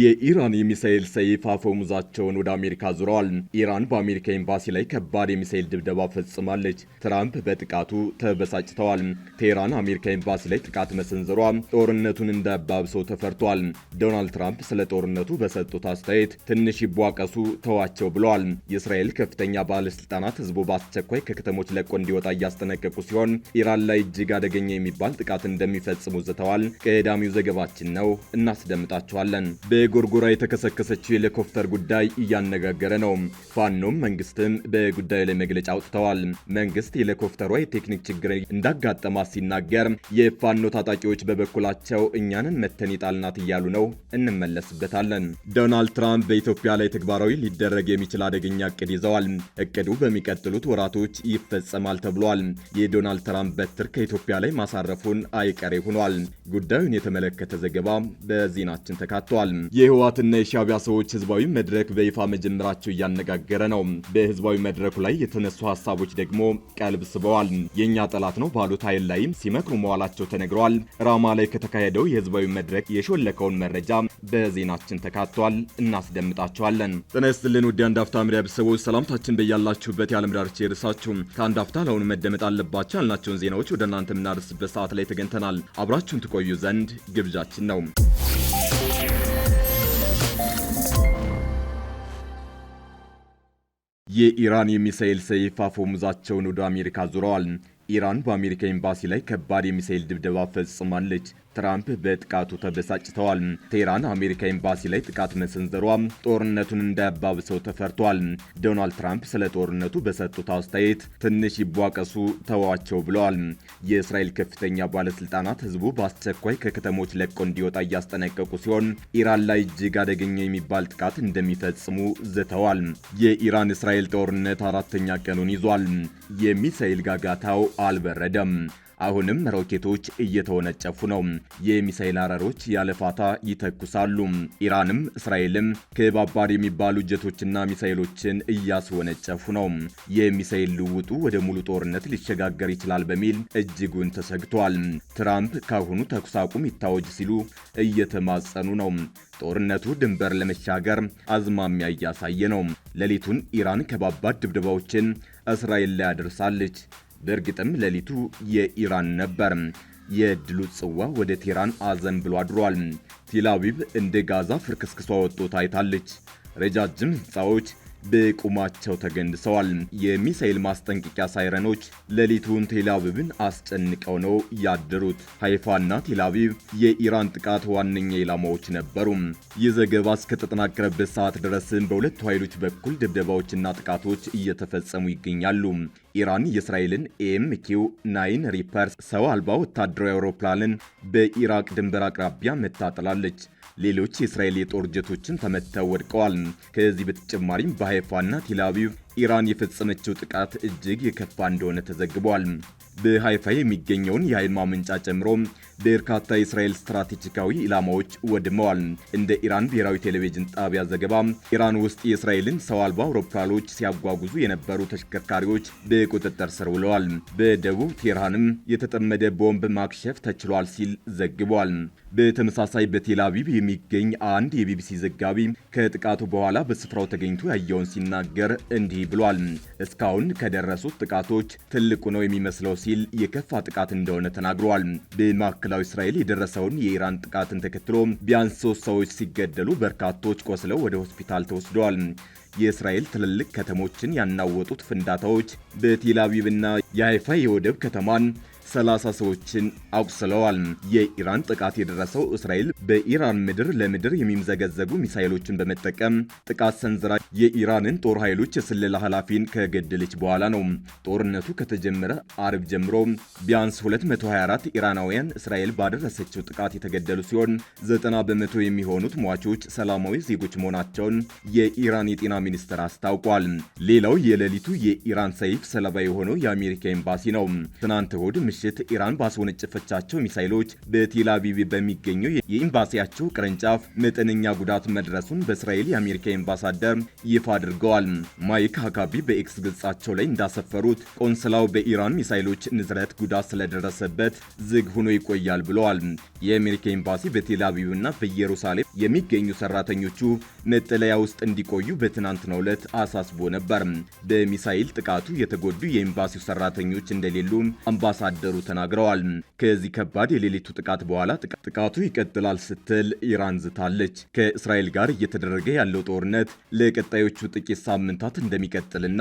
የኢራን የሚሳኤል ሰይፍ አፈሙዛቸውን ወደ አሜሪካ ዙረዋል። ኢራን በአሜሪካ ኤምባሲ ላይ ከባድ የሚሳኤል ድብደባ ፈጽማለች። ትራምፕ በጥቃቱ ተበሳጭተዋል። ቴህራን አሜሪካ ኤምባሲ ላይ ጥቃት መሰንዘሯ ጦርነቱን እንዳያባብሰው ተፈርቷል። ዶናልድ ትራምፕ ስለ ጦርነቱ በሰጡት አስተያየት ትንሽ ይቧቀሱ ተዋቸው ብለዋል። የእስራኤል ከፍተኛ ባለስልጣናት ህዝቡ በአስቸኳይ ከከተሞች ለቆ እንዲወጣ እያስጠነቀቁ ሲሆን ኢራን ላይ እጅግ አደገኛ የሚባል ጥቃት እንደሚፈጽሙ ዝተዋል። ቀዳሚው ዘገባችን ነው፣ እናስደምጣችኋለን። በጎርጎራ የተከሰከሰችው ሄሊኮፕተር ጉዳይ እያነጋገረ ነው። ፋኖም መንግስትም በጉዳዩ ላይ መግለጫ አውጥተዋል። መንግስት ሄሊኮፕተሯ የቴክኒክ ችግር እንዳጋጠማት ሲናገር፣ የፋኖ ታጣቂዎች በበኩላቸው እኛንን መተን ይጣልናት እያሉ ነው። እንመለስበታለን። ዶናልድ ትራምፕ በኢትዮጵያ ላይ ተግባራዊ ሊደረግ የሚችል አደገኛ እቅድ ይዘዋል። እቅዱ በሚቀጥሉት ወራቶች ይፈጸማል ተብሏል። የዶናልድ ትራምፕ በትር ከኢትዮጵያ ላይ ማሳረፉን አይቀሬ ሆኗል። ጉዳዩን የተመለከተ ዘገባ በዜናችን ተካቷል። የህወሓትና የሻቢያ ሰዎች ህዝባዊ መድረክ በይፋ መጀመራቸው እያነጋገረ ነው። በህዝባዊ መድረኩ ላይ የተነሱ ሀሳቦች ደግሞ ቀልብ ስበዋል። የእኛ ጠላት ነው ባሉት ኃይል ላይም ሲመክሩ መዋላቸው ተነግረዋል። ራማ ላይ ከተካሄደው የህዝባዊ መድረክ የሾለከውን መረጃ በዜናችን ተካቷል፣ እናስደምጣቸዋለን። ጤና ይስጥልን ውድ አንድ አፍታ ምሪያ ቤተሰቦች ሰላምታችን በያላችሁበት የዓለም ዳርቻ ይድረሳችሁ። ከአንድ አፍታ ለአሁኑ መደመጥ አለባቸው ያልናቸውን ዜናዎች ወደ እናንተ የምናደርስበት ሰዓት ላይ ተገኝተናል። አብራችሁን ትቆዩ ዘንድ ግብዣችን ነው። የኢራን የሚሳኤል ሰይፍ አፈሙዛቸውን ወደ አሜሪካ ዙረዋል። ኢራን በአሜሪካ ኤምባሲ ላይ ከባድ የሚሳኤል ድብደባ ፈጽማለች። ትራምፕ በጥቃቱ ተበሳጭተዋል። ቴህራን አሜሪካ ኤምባሲ ላይ ጥቃት መሰንዘሯ ጦርነቱን እንዳያባብሰው ተፈርቷል። ዶናልድ ትራምፕ ስለ ጦርነቱ በሰጡት አስተያየት ትንሽ ይቧቀሱ ተዋቸው ብለዋል። የእስራኤል ከፍተኛ ባለስልጣናት ህዝቡ በአስቸኳይ ከከተሞች ለቆ እንዲወጣ እያስጠነቀቁ ሲሆን ኢራን ላይ እጅግ አደገኛ የሚባል ጥቃት እንደሚፈጽሙ ዝተዋል። የኢራን እስራኤል ጦርነት አራተኛ ቀኑን ይዟል። የሚሳኤል ጋጋታው አልበረደም። አሁንም ሮኬቶች እየተወነጨፉ ነው። የሚሳኤል አረሮች ያለፋታ ይተኩሳሉ። ኢራንም እስራኤልም ከባባድ የሚባሉ ጀቶችና ሚሳኤሎችን እያስወነጨፉ ነው። የሚሳይል ልውጡ ወደ ሙሉ ጦርነት ሊሸጋገር ይችላል በሚል እጅጉን ተሰግቷል። ትራምፕ ካሁኑ ተኩስ አቁም ይታወጅ ሲሉ እየተማጸኑ ነው። ጦርነቱ ድንበር ለመሻገር አዝማሚያ እያሳየ ነው። ሌሊቱን ኢራን ከባባድ ድብደባዎችን እስራኤል ላይ አድርሳለች። በእርግጥም ሌሊቱ የኢራን ነበር። የድሉ ጽዋ ወደ ቴህራን አዘን ብሎ አድሯል። ቴል አቪቭ እንደ ጋዛ ፍርክስክሷ ወጥቶ ታይታለች። ረጃጅም ህንፃዎች በቁማቸው ተገንድሰዋል። የሚሳኤል ማስጠንቀቂያ ሳይረኖች ሌሊቱን ቴላቪቭን አስጨንቀው ነው ያደሩት። ሃይፋና ቴላቪቭ የኢራን ጥቃት ዋነኛ ኢላማዎች ነበሩ። ይህ ዘገባ እስከተጠናቀረበት ሰዓት ድረስም በሁለቱ ኃይሎች በኩል ድብደባዎችና ጥቃቶች እየተፈጸሙ ይገኛሉ። ኢራን የእስራኤልን ኤምኪው ናይን ሪፐርስ ሰው አልባ ወታደራዊ አውሮፕላንን በኢራቅ ድንበር አቅራቢያ መታጠላለች። ሌሎች የእስራኤል የጦር ጀቶችን ተመተው ወድቀዋል። ከዚህ በተጨማሪም በሃይፋና ቴላቪቭ ኢራን የፈጸመችው ጥቃት እጅግ የከፋ እንደሆነ ተዘግቧል። በሃይፋ የሚገኘውን የኃይል ማመንጫ ጨምሮ በርካታ የእስራኤል ስትራቴጂካዊ ኢላማዎች ወድመዋል። እንደ ኢራን ብሔራዊ ቴሌቪዥን ጣቢያ ዘገባ ኢራን ውስጥ የእስራኤልን ሰው አልባ አውሮፕላኖች ሲያጓጉዙ የነበሩ ተሽከርካሪዎች በቁጥጥር ስር ውለዋል። በደቡብ ቴህራንም የተጠመደ ቦምብ ማክሸፍ ተችሏል ሲል ዘግቧል። በተመሳሳይ በቴል አቪቭ የሚገኝ አንድ የቢቢሲ ዘጋቢ ከጥቃቱ በኋላ በስፍራው ተገኝቶ ያየውን ሲናገር እንዲህ ብሏል። እስካሁን ከደረሱት ጥቃቶች ትልቁ ነው የሚመስለው ሲል የከፋ ጥቃት እንደሆነ ተናግሯል። ማዕከላዊ እስራኤል የደረሰውን የኢራን ጥቃትን ተከትሎ ቢያንስ ሶስት ሰዎች ሲገደሉ በርካቶች ቆስለው ወደ ሆስፒታል ተወስደዋል። የእስራኤል ትልልቅ ከተሞችን ያናወጡት ፍንዳታዎች በቴል አቪቭና የሃይፋ የወደብ ከተማን ሰላሳ ሰዎችን አቁስለዋል። የኢራን ጥቃት የደረሰው እስራኤል በኢራን ምድር ለምድር የሚምዘገዘጉ ሚሳይሎችን በመጠቀም ጥቃት ሰንዝራ የኢራንን ጦር ኃይሎች የስለላ ኃላፊን ከገደለች በኋላ ነው። ጦርነቱ ከተጀመረ አርብ ጀምሮ ቢያንስ 224 ኢራናውያን እስራኤል ባደረሰችው ጥቃት የተገደሉ ሲሆን 90 በመቶ የሚሆኑት ሟቾች ሰላማዊ ዜጎች መሆናቸውን የኢራን የጤና ሚኒስቴር አስታውቋል። ሌላው የሌሊቱ የኢራን ሰይፍ ሰለባ የሆነው የአሜሪካ ኤምባሲ ነው። ትናንት እሁድ ምሽት ኢራን ባስወነጨፈቻቸው ሚሳይሎች በቴል አቪቭ በሚገኘው የኤምባሲያቸው ቅርንጫፍ መጠነኛ ጉዳት መድረሱን በእስራኤል የአሜሪካ ኤምባሳደር ይፋ አድርገዋል። ማይክ ሀካቢ በኤክስ ገጻቸው ላይ እንዳሰፈሩት ቆንስላው በኢራን ሚሳይሎች ንዝረት ጉዳት ስለደረሰበት ዝግ ሆኖ ይቆያል ብለዋል። የአሜሪካ ኤምባሲ በቴል አቪቭና በኢየሩሳሌም የሚገኙ ሰራተኞቹ መጠለያ ውስጥ እንዲቆዩ በትናንትናው ዕለት አሳስቦ ነበር። በሚሳይል ጥቃቱ የተጎዱ የኤምባሲው ሰራተኞች እንደሌሉ አምባሳደር እንደሚገዳደሩ ተናግረዋል። ከዚህ ከባድ የሌሊቱ ጥቃት በኋላ ጥቃቱ ይቀጥላል ስትል ኢራን ዝታለች። ከእስራኤል ጋር እየተደረገ ያለው ጦርነት ለቀጣዮቹ ጥቂት ሳምንታት እንደሚቀጥልና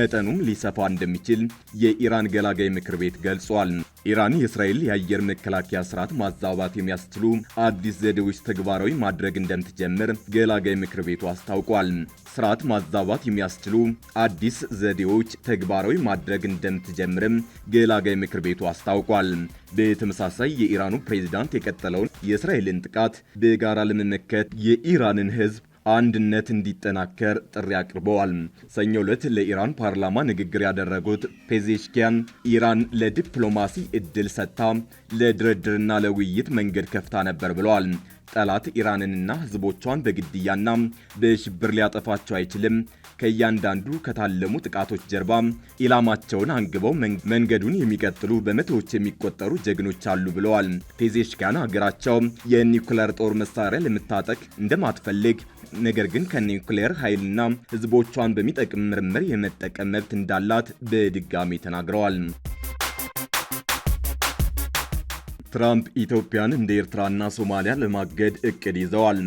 መጠኑም ሊሰፋ እንደሚችል የኢራን ገላጋይ ምክር ቤት ገልጿል። ኢራን የእስራኤል የአየር መከላከያ ስርዓት ማዛባት የሚያስችሉ አዲስ ዘዴዎች ተግባራዊ ማድረግ እንደምትጀምር ገላጋይ ምክር ቤቱ አስታውቋል። ስርዓት ማዛባት የሚያስችሉ አዲስ ዘዴዎች ተግባራዊ ማድረግ እንደምትጀምርም ገላጋይ ምክር ቤቱ አስታውቋል። በተመሳሳይ የኢራኑ ፕሬዝዳንት የቀጠለውን የእስራኤልን ጥቃት በጋራ ለመመከት የኢራንን ህዝብ። አንድነት እንዲጠናከር ጥሪ አቅርበዋል። ሰኞ ዕለት ለኢራን ፓርላማ ንግግር ያደረጉት ፔዜሽኪያን ኢራን ለዲፕሎማሲ እድል ሰጥታ ለድርድርና ለውይይት መንገድ ከፍታ ነበር ብለዋል። ጠላት ኢራንንና ህዝቦቿን በግድያና በሽብር ሊያጠፋቸው አይችልም። ከእያንዳንዱ ከታለሙ ጥቃቶች ጀርባ ኢላማቸውን አንግበው መንገዱን የሚቀጥሉ በመቶዎች የሚቆጠሩ ጀግኖች አሉ ብለዋል። ፔዜሽኪያን ሀገራቸው የኒውክሌር ጦር መሳሪያ ለምታጠቅ እንደማትፈልግ ነገር ግን ከኒውክሌር ኃይልና ህዝቦቿን በሚጠቅም ምርምር የመጠቀም መብት እንዳላት በድጋሚ ተናግረዋል። ትራምፕ ኢትዮጵያን እንደ ኤርትራና ሶማሊያ ለማገድ እቅድ ይዘዋል።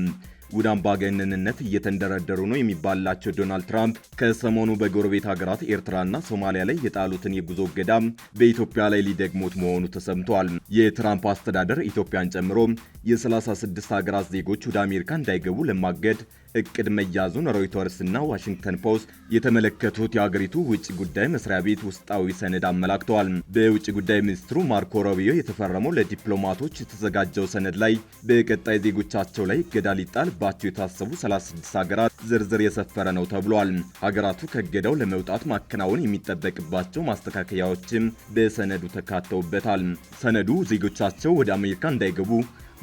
ወደ አምባገነንነት እየተንደረደሩ ነው የሚባላቸው ዶናልድ ትራምፕ ከሰሞኑ በጎረቤት ሀገራት ኤርትራና ሶማሊያ ላይ የጣሉትን የጉዞ እገዳም በኢትዮጵያ ላይ ሊደግሙት መሆኑ ተሰምቷል። የትራምፕ አስተዳደር ኢትዮጵያን ጨምሮ የ36 ሀገራት ዜጎች ወደ አሜሪካ እንዳይገቡ ለማገድ እቅድ መያዙን ሮይተርስ እና ዋሽንግተን ፖስት የተመለከቱት የአገሪቱ ውጭ ጉዳይ መስሪያ ቤት ውስጣዊ ሰነድ አመላክተዋል። በውጭ ጉዳይ ሚኒስትሩ ማርኮ ሮቢዮ የተፈረመው ለዲፕሎማቶች የተዘጋጀው ሰነድ ላይ በቀጣይ ዜጎቻቸው ላይ እገዳ ሊጣልባቸው የታሰቡ 36 ሀገራት ዝርዝር የሰፈረ ነው ተብሏል። ሀገራቱ ከእገዳው ለመውጣት ማከናወን የሚጠበቅባቸው ማስተካከያዎችም በሰነዱ ተካተውበታል። ሰነዱ ዜጎቻቸው ወደ አሜሪካ እንዳይገቡ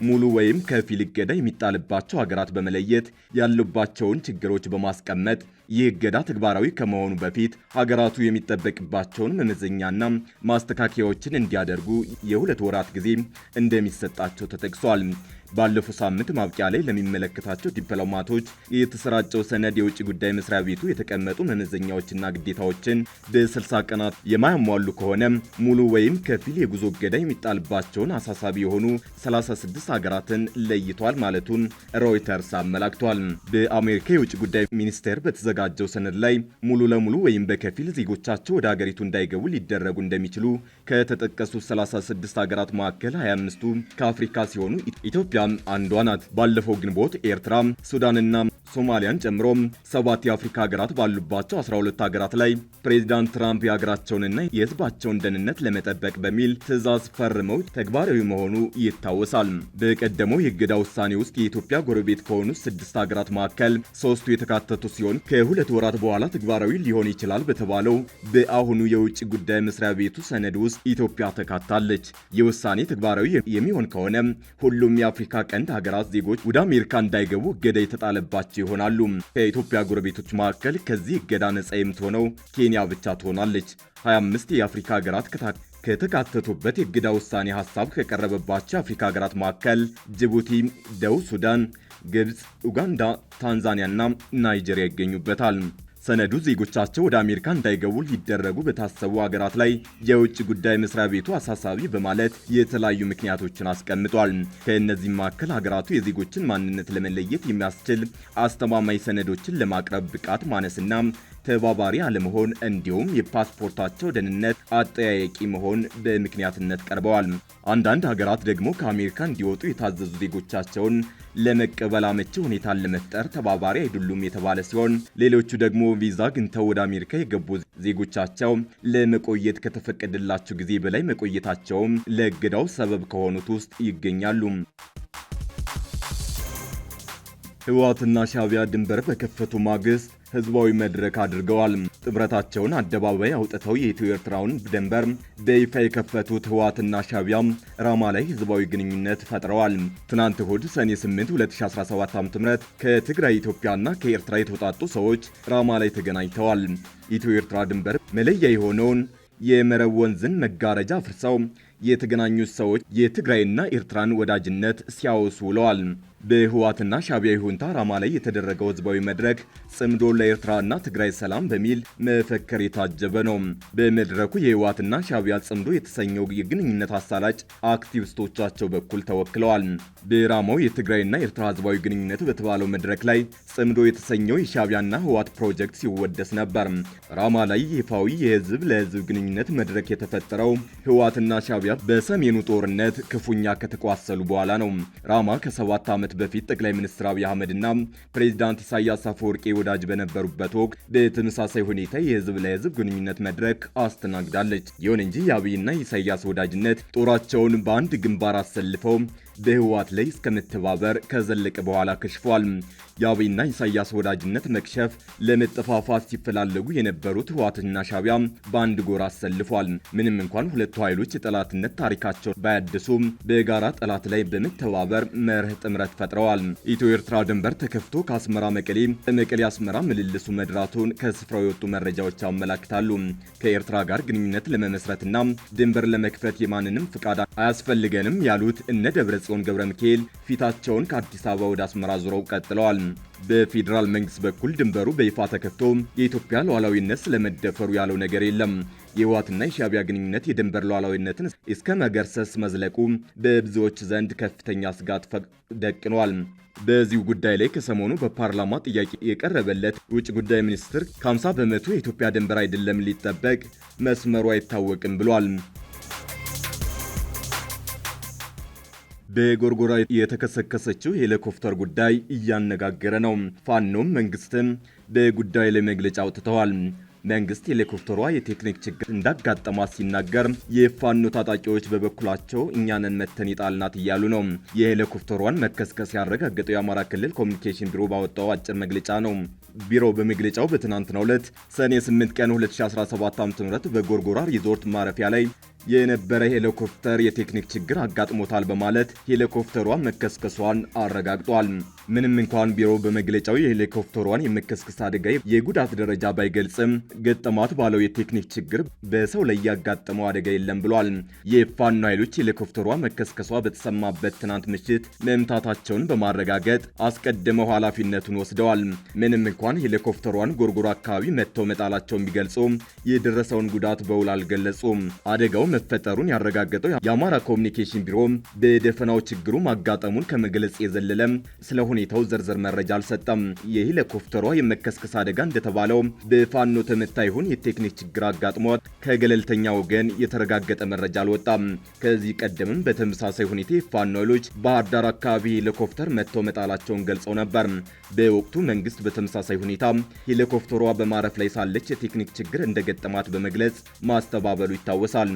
ሙሉ ወይም ከፊል እገዳ የሚጣልባቸው ሀገራት በመለየት ያሉባቸውን ችግሮች በማስቀመጥ ይህ እገዳ ተግባራዊ ከመሆኑ በፊት ሀገራቱ የሚጠበቅባቸውን መመዘኛና ማስተካከያዎችን እንዲያደርጉ የሁለት ወራት ጊዜ እንደሚሰጣቸው ተጠቅሷል። ባለፈው ሳምንት ማብቂያ ላይ ለሚመለከታቸው ዲፕሎማቶች የተሰራጨው ሰነድ የውጭ ጉዳይ መስሪያ ቤቱ የተቀመጡ መመዘኛዎችና ግዴታዎችን በ60 ቀናት የማያሟሉ ከሆነ ሙሉ ወይም ከፊል የጉዞ እገዳ የሚጣልባቸውን አሳሳቢ የሆኑ 36 ሀገራትን ለይቷል ማለቱን ሮይተርስ አመላክቷል። በአሜሪካ የውጭ ጉዳይ ሚኒስቴር በተዘጋ በተዘጋጀው ሰነድ ላይ ሙሉ ለሙሉ ወይም በከፊል ዜጎቻቸው ወደ ሀገሪቱ እንዳይገቡ ሊደረጉ እንደሚችሉ ከተጠቀሱት 36 ሀገራት መካከል 25ቱ ከአፍሪካ ሲሆኑ ኢትዮጵያም አንዷ ናት። ባለፈው ግንቦት ኤርትራ፣ ሱዳንና ሶማሊያን ጨምሮ ሰባት የአፍሪካ ሀገራት ባሉባቸው 12 ሀገራት ላይ ፕሬዚዳንት ትራምፕ የሀገራቸውንና የህዝባቸውን ደህንነት ለመጠበቅ በሚል ትዕዛዝ ፈርመው ተግባራዊ መሆኑ ይታወሳል። በቀደመው የእገዳ ውሳኔ ውስጥ የኢትዮጵያ ጎረቤት ከሆኑ ስድስት ሀገራት መካከል ሶስቱ የተካተቱ ሲሆን ከሁለት ወራት በኋላ ተግባራዊ ሊሆን ይችላል በተባለው በአሁኑ የውጭ ጉዳይ መስሪያ ቤቱ ሰነድ ውስጥ ኢትዮጵያ ተካታለች። የውሳኔ ውሳኔ ተግባራዊ የሚሆን ከሆነ ሁሉም የአፍሪካ ቀንድ ሀገራት ዜጎች ወደ አሜሪካ እንዳይገቡ እገዳ የተጣለባቸው ይሆናሉ። ከኢትዮጵያ ጎረቤቶች መካከል ከዚህ እገዳ ነጻ የምትሆነው ኬንያ ብቻ ትሆናለች። 25 የአፍሪካ ሀገራት ከተካተቱበት የእገዳ ውሳኔ ሀሳብ ከቀረበባቸው የአፍሪካ ሀገራት መካከል ጅቡቲ፣ ደቡብ ሱዳን፣ ግብፅ፣ ኡጋንዳ፣ ታንዛኒያና ናይጄሪያ ይገኙበታል። ሰነዱ ዜጎቻቸው ወደ አሜሪካ እንዳይገቡ ሊደረጉ በታሰቡ ሀገራት ላይ የውጭ ጉዳይ መስሪያ ቤቱ አሳሳቢ በማለት የተለያዩ ምክንያቶችን አስቀምጧል። ከእነዚህም መካከል ሀገራቱ የዜጎችን ማንነት ለመለየት የሚያስችል አስተማማኝ ሰነዶችን ለማቅረብ ብቃት ማነስና ተባባሪ አለመሆን እንዲሁም የፓስፖርታቸው ደህንነት አጠያያቂ መሆን በምክንያትነት ቀርበዋል። አንዳንድ ሀገራት ደግሞ ከአሜሪካ እንዲወጡ የታዘዙ ዜጎቻቸውን ለመቀበል አመቺ ሁኔታን ለመፍጠር ተባባሪ አይደሉም የተባለ ሲሆን፣ ሌሎቹ ደግሞ ቪዛ ግንተው ወደ አሜሪካ የገቡ ዜጎቻቸው ለመቆየት ከተፈቀደላቸው ጊዜ በላይ መቆየታቸውም ለእገዳው ሰበብ ከሆኑት ውስጥ ይገኛሉ። ህወሓትና ሻቢያ ድንበር በከፈቱ ማግስት ህዝባዊ መድረክ አድርገዋል። ጥምረታቸውን አደባባይ አውጥተው የኢትዮ ኤርትራውን ድንበር በይፋ የከፈቱት ህወሓትና ሻቢያ ራማ ላይ ህዝባዊ ግንኙነት ፈጥረዋል። ትናንት እሁድ ሰኔ 8 2017 ዓ.ም ከትግራይ ኢትዮጵያና ከኤርትራ የተውጣጡ ሰዎች ራማ ላይ ተገናኝተዋል። ኢትዮ ኤርትራ ድንበር መለያ የሆነውን የመረብ ወንዝን መጋረጃ አፍርሰው የተገናኙት ሰዎች የትግራይና ኤርትራን ወዳጅነት ሲያወሱ ውለዋል። በህወሓትና ሻቢያ ይሁንታ ራማ ላይ የተደረገው ህዝባዊ መድረክ ጽምዶ ለኤርትራና ትግራይ ሰላም በሚል መፈክር የታጀበ ነው። በመድረኩ የህወሓትና ሻቢያ ጽምዶ የተሰኘው የግንኙነት አሳላጭ አክቲቪስቶቻቸው በኩል ተወክለዋል። በራማው የትግራይና ኤርትራ ህዝባዊ ግንኙነት በተባለው መድረክ ላይ ጽምዶ የተሰኘው የሻቢያና ህወሓት ፕሮጀክት ሲወደስ ነበር። ራማ ላይ ይፋዊ የህዝብ ለህዝብ ግንኙነት መድረክ የተፈጠረው ህወሓትና ሻቢያ በሰሜኑ ጦርነት ክፉኛ ከተቋሰሉ በኋላ ነው። ራማ ከሰባት ዓመት ዓመት በፊት ጠቅላይ ሚኒስትር አብይ አህመድና ፕሬዚዳንት ኢሳያስ አፈወርቄ ወዳጅ በነበሩበት ወቅት በተመሳሳይ ሁኔታ የህዝብ ለህዝብ ግንኙነት መድረክ አስተናግዳለች። ይሁን እንጂ የአብይና ኢሳያስ ወዳጅነት ጦራቸውን በአንድ ግንባር አሰልፈው በህወሓት ላይ እስከመተባበር ከዘለቀ በኋላ ከሽፏል። የአብይና ኢሳያስ ወዳጅነት መክሸፍ ለመጠፋፋት ሲፈላለጉ የነበሩት ህወሓትና ሻቢያ በአንድ ጎራ አሰልፏል። ምንም እንኳን ሁለቱ ኃይሎች የጠላትነት ታሪካቸው ባያድሱም በጋራ ጠላት ላይ በመተባበር መርህ ጥምረት ፈጥረዋል። ኢትዮ ኤርትራ ድንበር ተከፍቶ ከአስመራ መቀሌ፣ ከመቀሌ አስመራ ምልልሱ መድራቱን ከስፍራው የወጡ መረጃዎች ያመላክታሉ። ከኤርትራ ጋር ግንኙነት ለመመስረትና ድንበር ለመክፈት የማንንም ፍቃድ አያስፈልገንም ያሉት እነ ደብረ ጽዮን ገብረ ሚካኤል ፊታቸውን ከአዲስ አበባ ወደ አስመራ ዙረው ቀጥለዋል። በፌዴራል መንግስት በኩል ድንበሩ በይፋ ተከፍቶ የኢትዮጵያ ሉዓላዊነት ስለመደፈሩ ያለው ነገር የለም። የህወሓትና የሻቢያ ግንኙነት የድንበር ሉዓላዊነትን እስከ መገርሰስ መዝለቁ በብዙዎች ዘንድ ከፍተኛ ስጋት ደቅኗል። በዚሁ ጉዳይ ላይ ከሰሞኑ በፓርላማ ጥያቄ የቀረበለት ውጭ ጉዳይ ሚኒስትር ከ50 በመቶ የኢትዮጵያ ድንበር አይደለም ሊጠበቅ መስመሩ አይታወቅም ብሏል። በጎርጎራ የተከሰከሰችው ሄሊኮፕተር ጉዳይ እያነጋገረ ነው። ፋኖም መንግስትም በጉዳዩ ላይ መግለጫ አውጥተዋል። መንግስት ሄሊኮፕተሯ የቴክኒክ ችግር እንዳጋጠማት ሲናገር የፋኖ ታጣቂዎች በበኩላቸው እኛንን መተን ይጣልናት እያሉ ነው። የሄሊኮፕተሯን መከስከስ ያረጋገጠው የአማራ ክልል ኮሚኒኬሽን ቢሮ ባወጣው አጭር መግለጫ ነው። ቢሮው በመግለጫው በትናንትናው ዕለት ሰኔ 8 ቀን 2017 ዓ.ም በጎርጎራ ሪዞርት ማረፊያ ላይ የነበረ ሄሊኮፕተር የቴክኒክ ችግር አጋጥሞታል በማለት ሄሊኮፕተሯን መከስከሷን አረጋግጧል። ምንም እንኳን ቢሮ በመግለጫው የሄሊኮፕተሯን የመከስከስ አደጋ የጉዳት ደረጃ ባይገልጽም ገጠማት ባለው የቴክኒክ ችግር በሰው ላይ ያጋጠመው አደጋ የለም ብሏል። የፋኖ ኃይሎች ሄሊኮፕተሯ መከስከሷ በተሰማበት ትናንት ምሽት መምታታቸውን በማረጋገጥ አስቀድመው ኃላፊነቱን ወስደዋል። ምንም እንኳን ሄሊኮፕተሯን ጎርጎሮ አካባቢ መጥተው መጣላቸውን ቢገልጹም የደረሰውን ጉዳት በውል አልገለጹም። አደጋው መፈጠሩን ያረጋገጠው የአማራ ኮሚኒኬሽን ቢሮ በደፈናው ችግሩ ማጋጠሙን ከመግለጽ የዘለለ ስለ ሁኔታው ዝርዝር መረጃ አልሰጠም። የሄሊኮፕተሯ የመከስከስ አደጋ እንደተባለው በፋኖ ተመታ ይሁን የቴክኒክ ችግር አጋጥሟት ከገለልተኛ ወገን የተረጋገጠ መረጃ አልወጣም። ከዚህ ቀደምም በተመሳሳይ ሁኔታ የፋኖ ኃይሎች ባህር ዳር አካባቢ ሄሊኮፕተር መጥተው መጣላቸውን ገልጸው ነበር። በወቅቱ መንግስት በተመሳሳይ ሁኔታ ሄሊኮፕተሯ በማረፍ ላይ ሳለች የቴክኒክ ችግር እንደገጠማት በመግለጽ ማስተባበሉ ይታወሳል።